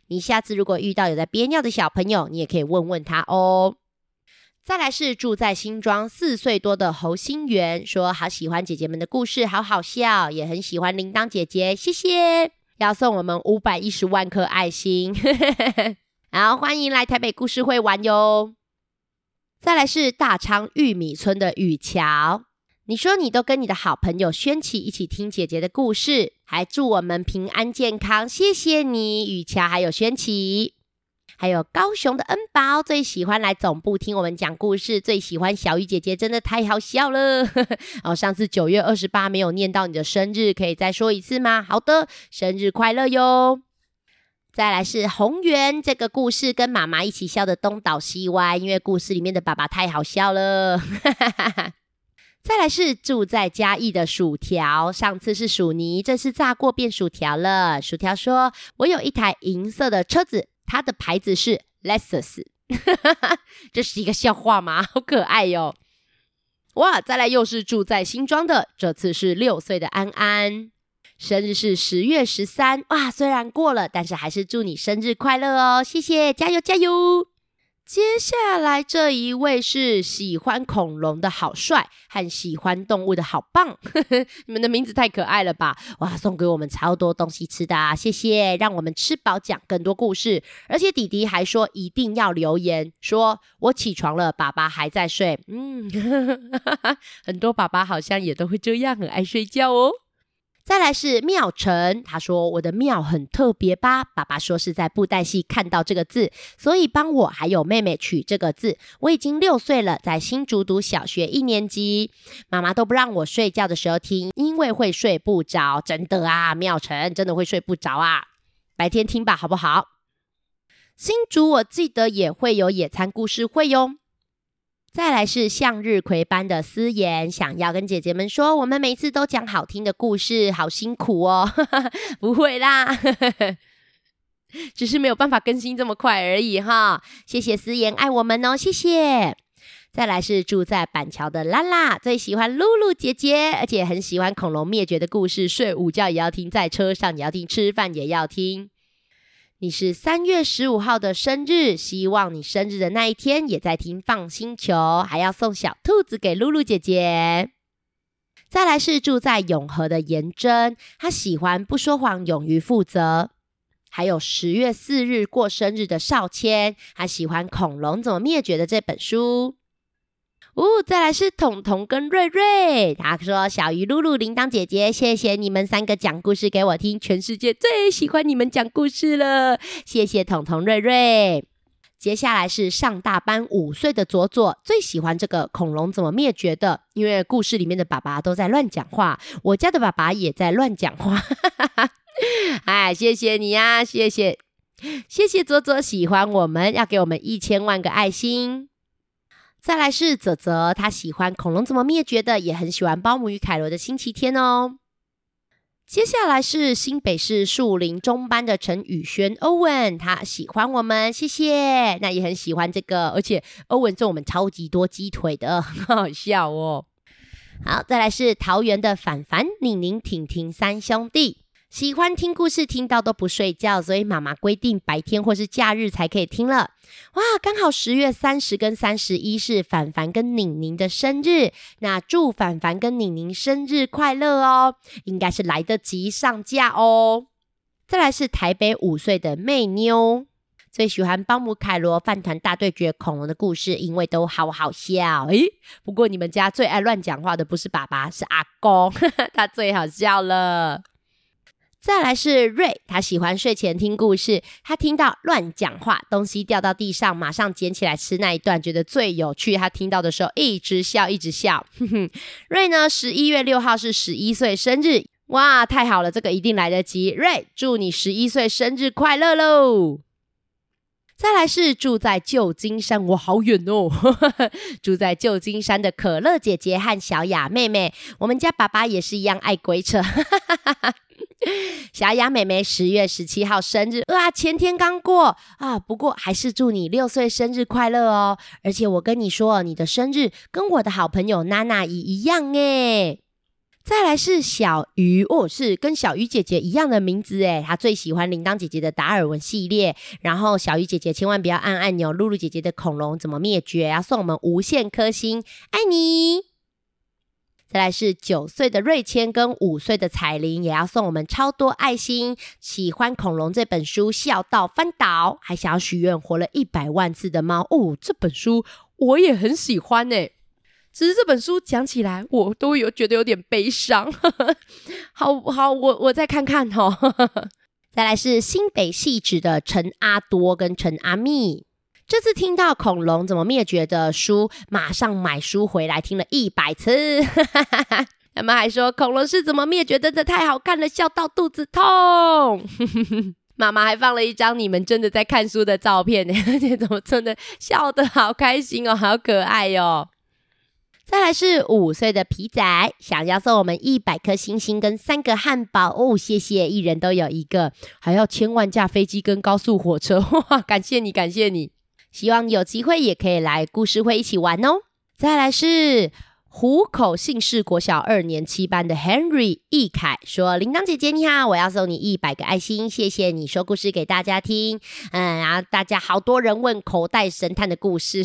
你下次如果遇到有在憋尿的小朋友，你也可以問問他哦。再來是住在新莊四歲多的侯欣源，說好喜歡姐姐們的故事，好好笑，也很喜歡鈴鐺姐姐，謝謝，要送我們五百一十萬顆愛心，呵呵呵，好，歡迎來台北故事會玩喲。再來是大昌玉米村的雨橋，你說你都跟你的好朋友宣奇一起聽姐姐的故事，還祝我們平安健康，謝謝你雨橋還有宣奇。還有高雄的恩寶最喜歡來總部聽我們講故事，最喜歡小雨姐姐，真的太好笑了 哦！上次九月二十八沒有念到你的生日，可以再說一次嗎？好的，生日快樂喲！再來是宏源，這個故事跟媽媽一起笑得東倒西歪，因為故事裡面的爸爸太好笑了。哈哈哈，再來是住在嘉義的薯條，上次是薯泥，這次炸過變薯條了。薯條說：“我有一台銀色的車子。”他的牌子是 Lexus，哈哈哈，這是一個笑話嗎？好可愛喲、哦！哇，再來又是住在新莊的，這次是六歲的安安，生日是十月十三。哇，雖然過了，但是還是祝你生日快樂哦！謝謝，加油，加油！接下來這一位是喜歡恐龍的好帥和喜歡動物的好棒， 你們的名字太可愛了吧！哇，送給我們超多東西吃的啊！謝謝，讓我們吃飽講更多故事。而且弟弟還說一定要留言，說我起床了，爸爸還在睡。嗯， 很多爸爸好像也都會這樣，很愛睡覺哦。再來是妙晨，他說，我的妙很特別吧？爸爸說是在布袋戲看到這個字，所以幫我還有妹妹取這個字。我已經六歲了，在新竹讀小學一年級，媽媽都不讓我睡覺的時候聽，因為會睡不着。真的啊，妙晨真的會睡不着啊，白天聽吧，好不好？新竹我記得也會有野餐故事會喲。再來是向日葵班的思妍，想要跟姐姐們說，我們每一次都講好聽的故事，好辛苦哦。 不會啦， 只是沒有辦法更新這麼快而已哈。謝謝思妍愛我們哦，謝謝。再來是住在板橋的拉拉，最喜歡露露姐姐，而且很喜歡恐龍滅絕的故事，睡午覺也要聽，在車上也要聽，吃飯也要聽，你是三月十五號的生日，希望你生日的那一天也在聽《FUN 星球》，還要送小兔子給露露姐姐。再來是住在永和的顏真，他喜歡不說謊、勇於負責。還有十月四日過生日的少謙，他喜歡恐龍怎麼滅絕的這本書。哦，再來是彤彤跟瑞瑞，他說：“小魚露露、鈴鐺姐姐，謝謝你們三個講故事給我聽，全世界最喜歡你們講故事了，謝謝彤彤、瑞瑞。”接下來是上大班五歲的左左，最喜歡這個恐龍怎麼滅絕的，因為故事裡面的爸爸都在亂講話，我家的爸爸也在亂講話。 哎，謝謝你呀、啊，謝謝，謝謝左左喜歡我們，要給我們一千萬個愛心。再來是澤澤，他喜歡恐龍怎麼滅絕的，也很喜歡《包姆與凱羅》的星期天哦。接下來是新北市樹林中班的陳宇軒歐文，他喜歡我們，謝謝。那也很喜歡這個，而且歐文送我們超級多雞腿的，很 好笑哦。好，再來是桃園的凡凡、寧寧、婷婷三兄弟。喜歡聽故事，聽到都不睡覺，所以媽媽規定白天或是假日才可以聽了。哇，剛好十月三十跟三十一是凡凡跟寧寧的生日，那祝凡凡跟寧寧生日快樂哦！應該是來得及上架哦。再來是台北五歲的妹妞，最喜歡《巴姆凱羅飯團大對決恐龍》的故事，因為都好好笑。哎，不過你們家最愛亂講話的不是爸爸，是阿公， 他最好笑了。再來是瑞，他喜歡睡前聽故事。他聽到亂講話、東西掉到地上，馬上撿起來吃那一段，覺得最有趣。他聽到的時候一直笑，一直笑。呵呵。瑞呢，十一月六號是十一歲生日，哇，太好了，這個一定來得及。瑞，祝你十一歲生日快樂嘍！再來是住在舊金山，哇，好遠哦。 住在舊金山的可樂姐姐和小雅妹妹，我們家爸爸也是一樣愛鬼扯。 小雅妹妹十月十七號生日啊，前天剛過啊，不過還是祝你六歲生日快樂哦！而且我跟你說，你的生日跟我的好朋友娜娜姨一樣哎。再來是小魚哦，是跟小魚姐姐一樣的名字哎，她最喜歡鈴鐺姐姐的達爾文系列。然後小魚姐姐千萬不要按按鈕，露露姐姐的恐龍怎麼滅絕？要送我們無限顆星，愛你。再來是九歲的瑞千跟五歲的彩玲，也要送我們超多愛心，喜歡恐龍這本書笑到翻倒，還想要許願活了一百萬次的貓。哦，這本書我也很喜歡呢、欸。只是這本書講起來我都有覺得有點悲傷。好好，我我再看看哦、喔。呵呵，再來是新北汐止的陳阿多跟陳阿密。這次聽到恐龍怎麼滅絕的書，馬上買書回來聽了一百次。他 媽，媽還說恐龍是怎麼滅絕的，真的太好看了，笑到肚子痛。 媽媽還放了一張你們真的在看書的照片呢，你怎麼真的笑得好開心哦，好可愛喲、哦。再來是五歲的皮仔，想要送我們一百顆星星跟三個漢堡哦。謝謝，一人都有一個，還要千萬架飛機跟高速火車，哇，感謝你，感謝你。希望有機會也可以來故事會一起玩哦。再來是虎口姓氏國小二年七班的 Henry 易凱說：“鈴鐺姐姐你好，我要送你一百個愛心，謝謝你說故事給大家聽。嗯，然後大家好多人問口袋神探的故事，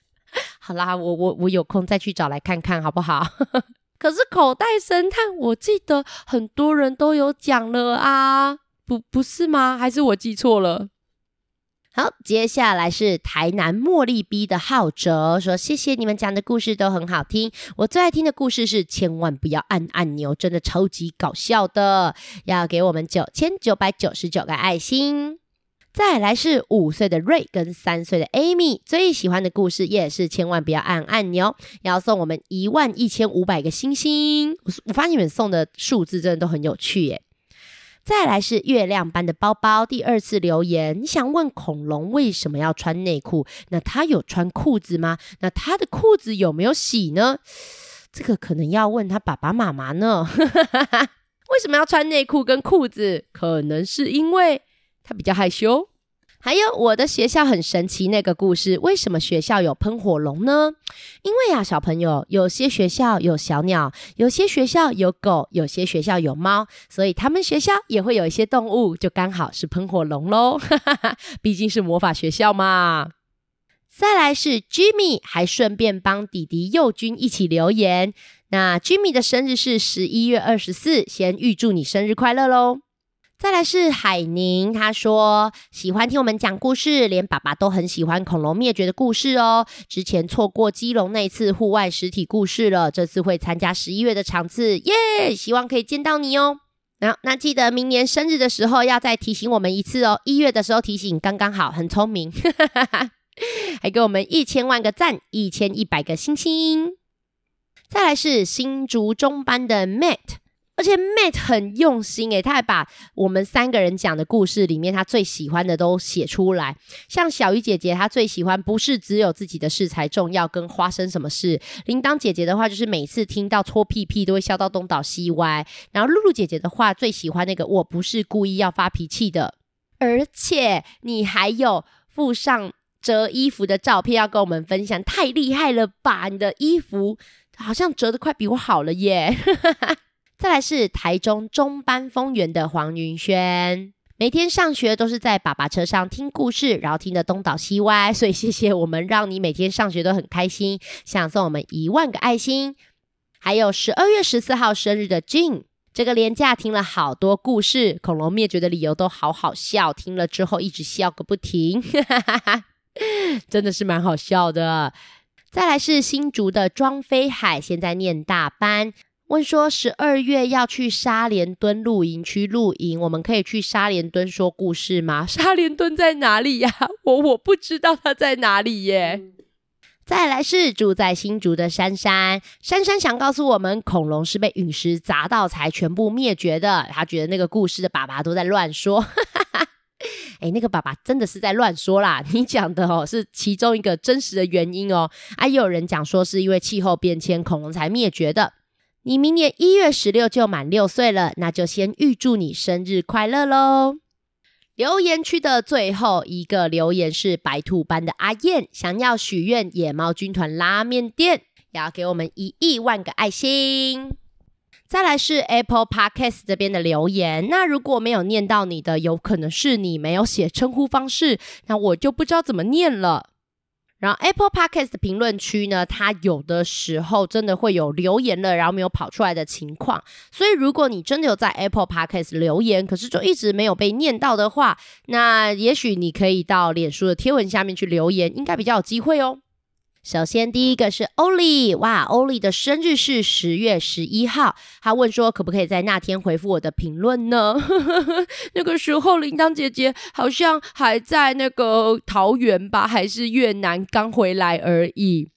好啦，我我我有空再去找來看看好不好？ 可是口袋神探，我記得很多人都有講了啊，不不是嗎？還是我記錯了？”好，接下來是台南茉莉逼的浩哲說：“謝謝你們講的故事都很好聽，我最愛聽的故事是千萬不要按按鈕，真的超級搞笑的，要給我們九千九百九十九個愛心。”再來是五歲的瑞跟三歲的 Amy 最喜歡的故事也是千萬不要按按鈕，要送我們一萬一千五百個星星。我發現你們送的數字真的都很有趣耶。再來是月亮般的包包，第二次留言，你想問恐龍為什麼要穿內褲？那他有穿褲子嗎？那他的褲子有沒有洗呢？這個可能要問他爸爸媽媽呢。 為什麼要穿內褲跟褲子？可能是因為他比較害羞。還有我的學校很神奇那個故事，為什麼學校有噴火龍呢？因為呀、啊，小朋友，有些學校有小鳥，有些學校有狗，有些學校有貓，所以他們學校也會有一些動物，就剛好是噴火龍嘍。 畢竟，是魔法學校嘛。再來是 Jimmy，還順便幫弟弟幼君一起留言。那 Jimmy 的生日是十一月二十四，先預祝你生日快樂嘍。再來是海寧，他說喜歡聽我們講故事，連爸爸都很喜歡恐龍滅絕的故事哦。之前錯過基隆那次戶外實體故事了，這次會參加十一月的場次，耶、yeah!！希望可以見到你哦。然、啊、那記得明年生日的時候要再提醒我們一次哦，一月的時候提醒剛剛好，很聰明， 還給我們一千萬個讚，一千一百個星星。再來是新竹中班的 Matt。而且 Matt 很用心誒、欸、他還把我們三個人講的故事裡面他最喜歡的都寫出來。像小魚姐姐，她最喜歡不是只有自己的事才重要，跟發生什麼事。鈴鐺姐姐的話，就是每次聽到搓屁屁都會笑到東倒西歪。然後露露姐姐的話，最喜歡那個我不是故意要發脾氣的。而且你還有附上折衣服的照片要跟我們分享，太厲害了吧！你的衣服好像折得快比我好了耶。 再來是台中中班豐原的黃雲軒，每天上學都是在爸爸車上聽故事，然後聽得東倒西歪，所以謝謝我們讓你每天上學都很開心，想送我們一萬個愛心。還有十二月十四號生日的 Gene，這個連假聽了好多故事，恐龍滅絕的理由都好好笑，聽了之後一直笑個不停，呵呵呵，真的是蠻好笑的。再來是新竹的莊飛海，現在念大班。問說十二月要去沙連墩露營區露營，我們可以去沙連墩說故事嗎？沙連墩在哪裡呀？啊？我我不知道它在哪裡耶。嗯、再來是住在新竹的珊珊，珊珊想告訴我們，恐龍是被隕石砸到才全部滅絕的。她覺得那個故事的爸爸都在亂說。哎、 欸，那個爸爸真的是在亂說啦！你講的哦是其中一個真實的原因哦。啊，也有人講說是因為氣候變遷，恐龍才滅絕的。你明年一月十六就滿六歲了，那就先預祝你生日快樂嘍！留言區的最後一個留言是白兔班的阿燕，想要許願野貓軍團拉麵店，也要給我們一億萬個愛心。再來是 Apple Podcast 這邊的留言，那如果沒有念到你的，有可能是你沒有寫稱呼方式，那我就不知道怎麼念了。然後 Apple Podcast 的評論區呢，它有的時候真的會有留言了，然後沒有跑出來的情況。所以如果你真的有在 Apple Podcast 留言，可是就一直沒有被念到的話，那也許你可以到臉書的貼文下面去留言，應該比較有機會哦。首先，第一個是歐麗，哇，歐麗的生日是十月十一號。他問說，可不可以在那天回復我的評論呢？ 那個時候，鈴鐺姐姐好像還在那個桃園吧，還是越南剛回來而已。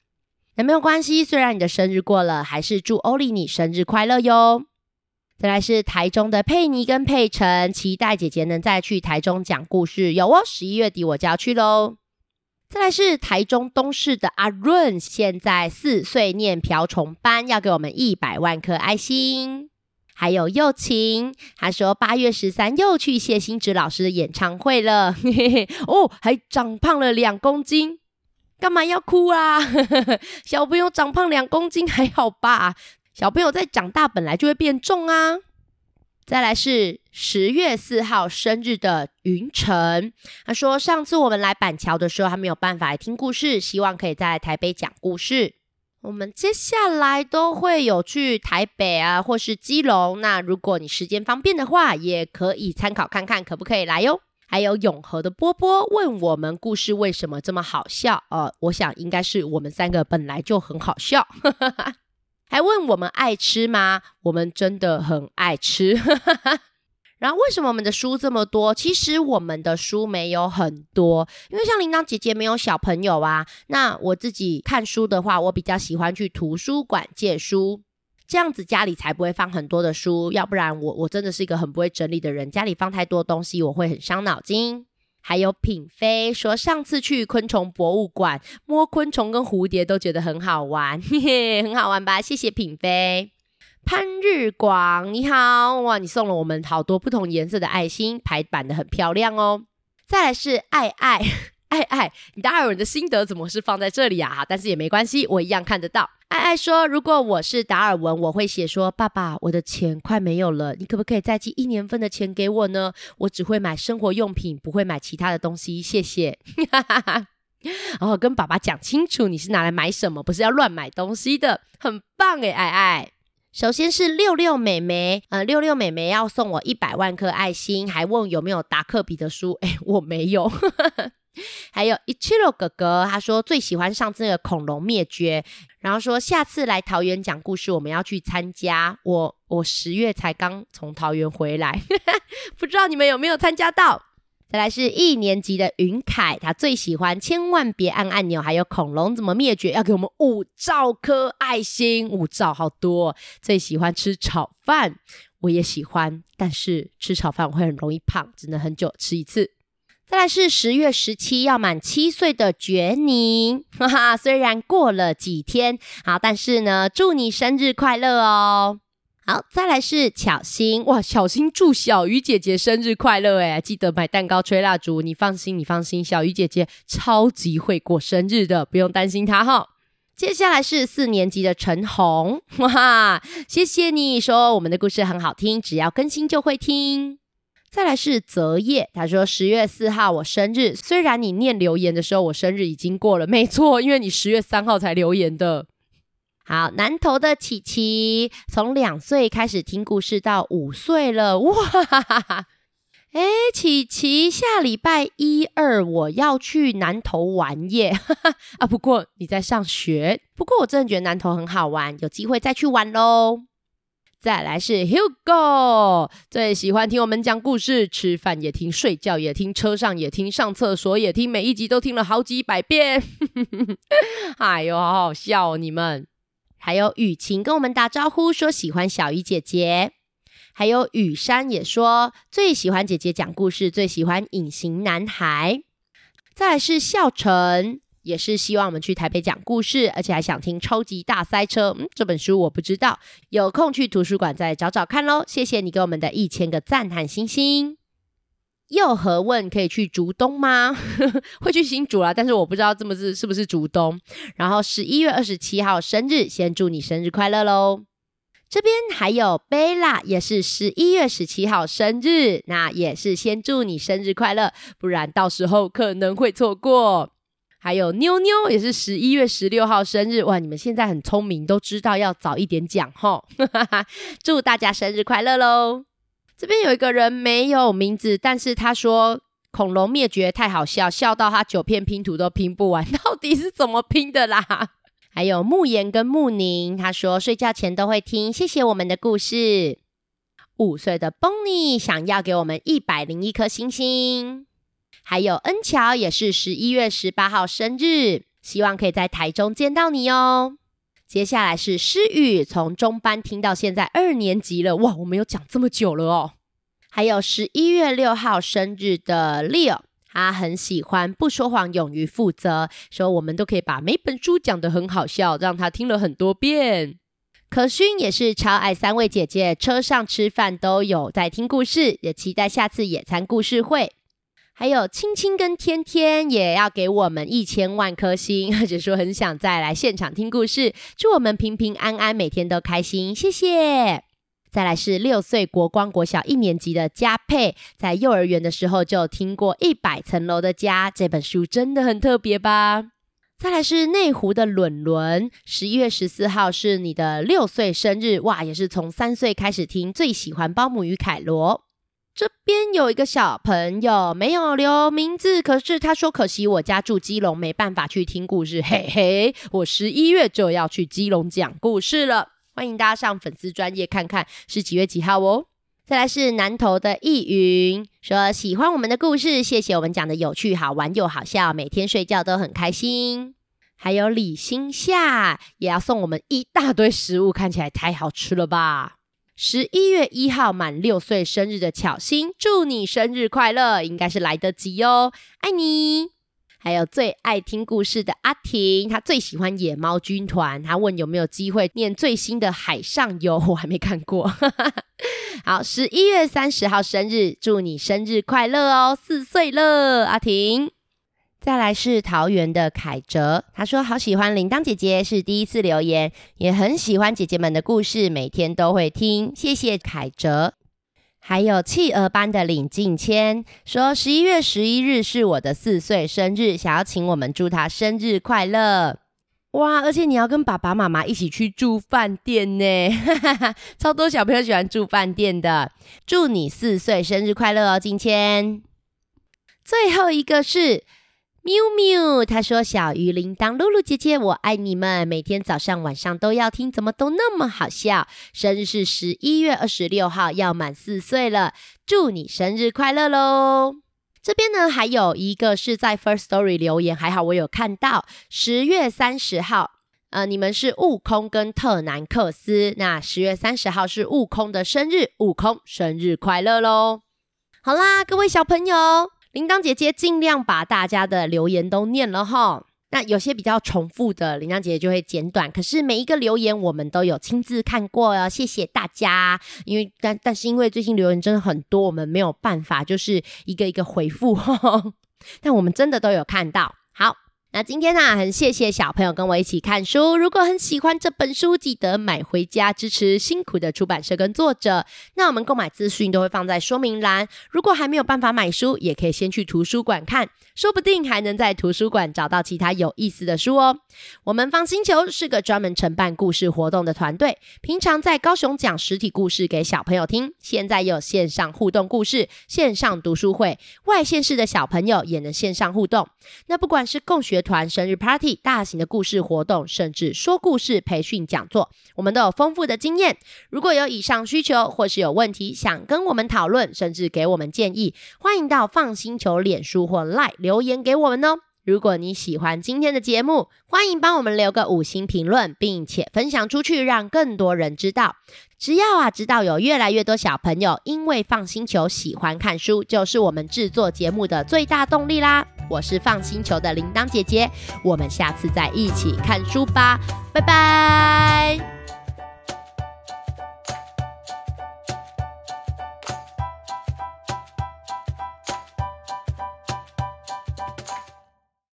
那沒有關係，雖然你的生日過了，還是祝歐麗你生日快樂喲。再來是台中的佩妮跟佩晨，期待姐姐能再去台中講故事。有哦，十一月底我就要去嘍。再來是台中東市的阿潤，現在四歲念瓢蟲班，要給我們一百萬顆愛心。還有幼晴，他說八月十三又去謝欣植老師的演唱會了， 哦，還長胖了兩公斤，幹嘛要哭啊？小朋友長胖兩公斤還好吧？小朋友在長大本來就會變重啊。再來是十月四號生日的雲晨，他說上次我們來板橋的時候，還沒有辦法來聽故事，希望可以在台北講故事。我們接下來都會有去台北啊，或是基隆。那如果你時間方便的話，也可以參考看看，可不可以來喲？還有永和的波波問我們故事為什麼這麼好笑？呃，我想應該是我們三個本來就很好笑。呵呵呵還問我們愛吃嗎？我們真的很愛吃。 然後為什麼我們的書這麼多？其實我們的書沒有很多，因為像鈴鐺姐姐沒有小朋友啊。那我自己看書的話，我比較喜歡去圖書館借書，這樣子家裡才不會放很多的書。要不然我我真的是一個很不會整理的人，家裡放太多東西，我會很傷腦筋。還有品妃說，上次去昆蟲博物館摸昆蟲跟蝴蝶都覺得很好玩，嘿嘿，很好玩吧？謝謝品妃。潘日廣，你好哇！你送了我們好多不同顏色的愛心，排版的很漂亮哦。再來是愛愛愛愛，你當然有人的心得怎麼是放在這裡啊？哈，但是也沒關係，我一樣看得到。愛愛說：“如果我是達爾文，我會寫說，爸爸，我的錢快沒有了，你可不可以再寄一年份的錢給我呢？我只會買生活用品，不會買其他的東西，謝謝。然 後、哦、跟爸爸講清楚，你是拿來買什麼，不是要亂買東西的，很棒誒，愛愛。首先是六六妹妹，嗯、呃、六六妹妹要送我一百萬顆愛心，還問有沒有達克比的書，誒我沒有。 還有 Ichiro 哥哥，他說最喜歡上次那個恐龍滅絕。”然後說，下次來桃園講故事，我們要去參加。我我十月才剛從桃園回來呵呵，不知道你們有沒有參加到。再來是一年級的雲凱，他最喜歡千萬別按按鈕，還有恐龍怎麼滅絕，要給我們五兆顆愛心，五兆好多哦。最喜歡吃炒飯，我也喜歡，但是吃炒飯我會很容易胖，只能很久吃一次。再來是十月十七要滿七歲的覺寧，哈哈，雖然過了幾天，好，但是呢，祝你生日快樂哦。好，再來是巧心，哇，巧心祝小魚姐姐生日快樂，誒，記得買蛋糕吹蠟燭，你放心，你放心，小魚姐姐超級會過生日的，不用擔心她哈哦。接下來是四年級的陳紅，哇哈哈，謝謝你，說我們的故事很好聽，只要更新就會聽。再來是澤業，他說十月四號我生日，雖然你念留言的時候我生日已經過了，沒錯，因為你十月三號才留言的。好，南投的琪琪，從兩歲開始聽故事到五歲了，哇哈哈！誒、哎、琪琪，下禮拜一二我要去南投玩耶哈哈，啊，不過你在上學，不過我真的覺得南投很好玩，有機會再去玩嘍。再來是 Hugo，最喜歡聽我們講故事，吃飯也聽，睡覺也聽，車上也聽，上廁所也聽，每一集都聽了好幾百遍。 哎喲，好好笑哦，你們。還有雨晴跟我們打招呼，說喜歡小魚姐姐，還有雨山也說最喜歡姐姐講故事，最喜歡隱形男孩。再來是笑晨。也是希望我們去台北講故事，而且還想聽《超級大塞車》。嗯，這本書我不知道，有空去圖書館再找找看嘍。謝謝你給我們的一千個讚，嘆星星。又何問可以去竹東嗎？ 會去新竹啦，但是我不知道這麼字是不是竹東。然後十一月二十七號生日，先祝你生日快樂嘍。這邊還有貝拉，也是十一月十七號生日，那也是先祝你生日快樂，不然到時候可能會錯過。還有妞妞也是十一月十六號生日，哇！你們現在很聰明，都知道要早一點講哈。吼 祝大家生日快樂嘍！這邊有一個人沒有名字，但是他說恐龍滅絕太好笑，笑到他九片拼圖都拼不完，到底是怎麼拼的啦？還有慕言跟慕寧，他說睡覺前都會聽，謝謝我們的故事。五歲的 Bonnie 想要給我們一百零一顆星星。還有恩喬也是十一月十八號生日，希望可以在台中見到你哦。接下來是詩雨，從中班聽到現在二年級了，哇，我們有講這麼久了哦。還有十一月六號生日的 Leo，他很喜歡不說謊，勇於負責，說我們都可以把每本書講得很好笑，讓他聽了很多遍。可勳也是超愛三位姐姐，車上吃飯都有在聽故事，也期待下次野餐故事會。還有青青跟天天也要給我們一千萬顆星，或者說很想再來現場聽故事，祝我們平平安安，每天都開心，謝謝。再來是六歲國光國小一年級的嘉佩，在幼兒園的時候就聽過《一百層樓的家》這本書，真的很特別吧？再來是內湖的倫倫，十一月十四號是你的六歲生日，哇，也是從三歲開始聽，最喜歡包姆與凱羅。這邊有一個小朋友沒有留名字，可是他說：“可惜我家住基隆，沒辦法去聽故事。”嘿嘿，我十一月就要去基隆講故事了，歡迎大家上粉絲專頁看看是幾月幾號哦。再來是南投的易云說喜歡我們的故事，謝謝我們講的有趣、好玩又好笑，每天睡覺都很開心。還有李星夏也要送我們一大堆食物，看起來太好吃了吧。十一月一號滿六歲生日的巧心，祝你生日快樂，應該是來得及哦，愛你。還有最愛聽故事的阿婷，她最喜歡野貓軍團，她問有沒有機會念最新的《海上遊》，我還沒看過。 好，十一月三十號生日，祝你生日快樂哦，四歲了，阿婷。再來是桃園的凱哲，他說好喜歡鈴鐺姐姐，是第一次留言，也很喜歡姐姐們的故事，每天都會聽，謝謝凱哲。還有企鵝班的林敬謙說，十一月十一日是我的四歲生日，想要請我們祝他生日快樂。哇，而且你要跟爸爸媽媽一起去住飯店呢，哈哈，超多小朋友喜歡住飯店的，祝你四歲生日快樂哦，敬謙。最後一個是。喵喵，他說：“小魚鈴鐺，露露姐姐，我愛你們，每天早上晚上都要聽，怎麼都那麼好笑。生日是十一月二十六號，要滿四歲了，祝你生日快樂嘍！這邊呢，還有一個是在 First Story 留言，還好我有看到，十月三十號，呃，你們是悟空跟特南克斯，那十月三十號是悟空的生日，悟空生日快樂嘍！好啦，各位小朋友。”鈴鐺姐姐儘量把大家的留言都念了齁，那有些比較重複的，鈴鐺姐姐就會簡短。可是每一個留言我們都有親自看過哦，謝謝大家。因為但但是因為最近留言真的很多，我們沒有辦法就是一個一個回復齁，但我們真的都有看到。好。那今天呢、啊，很謝謝小朋友跟我一起看書。如果很喜歡這本書，記得買回家支持辛苦的出版社跟作者。那我們購買資訊都會放在說明欄。如果還沒有辦法買書，也可以先去圖書館看，說不定還能在圖書館找到其他有意思的書哦。我們 FUN 星球是個專門承辦故事活動的團隊，平常在高雄講實體故事給小朋友聽，現在也有線上互動故事、線上讀書會，外縣市的小朋友也能線上互動。那不管是共學。團生日 party、大型的故事活動，甚至說故事培訓講座，我們都有豐富的經驗。如果有以上需求，或是有問題想跟我們討論，甚至給我們建議，歡迎到 FUN 星球臉書或 line 留言給我們哦、喔。如果你喜歡今天的節目，歡迎幫我們留個五星評論，並且分享出去，讓更多人知道。只要啊，知道有越來越多小朋友因為 FUN 星球喜歡看書，就是我們製作節目的最大動力啦。我是 FUN 星球的鈴鐺姐姐，我們下次再一起看書吧，拜拜。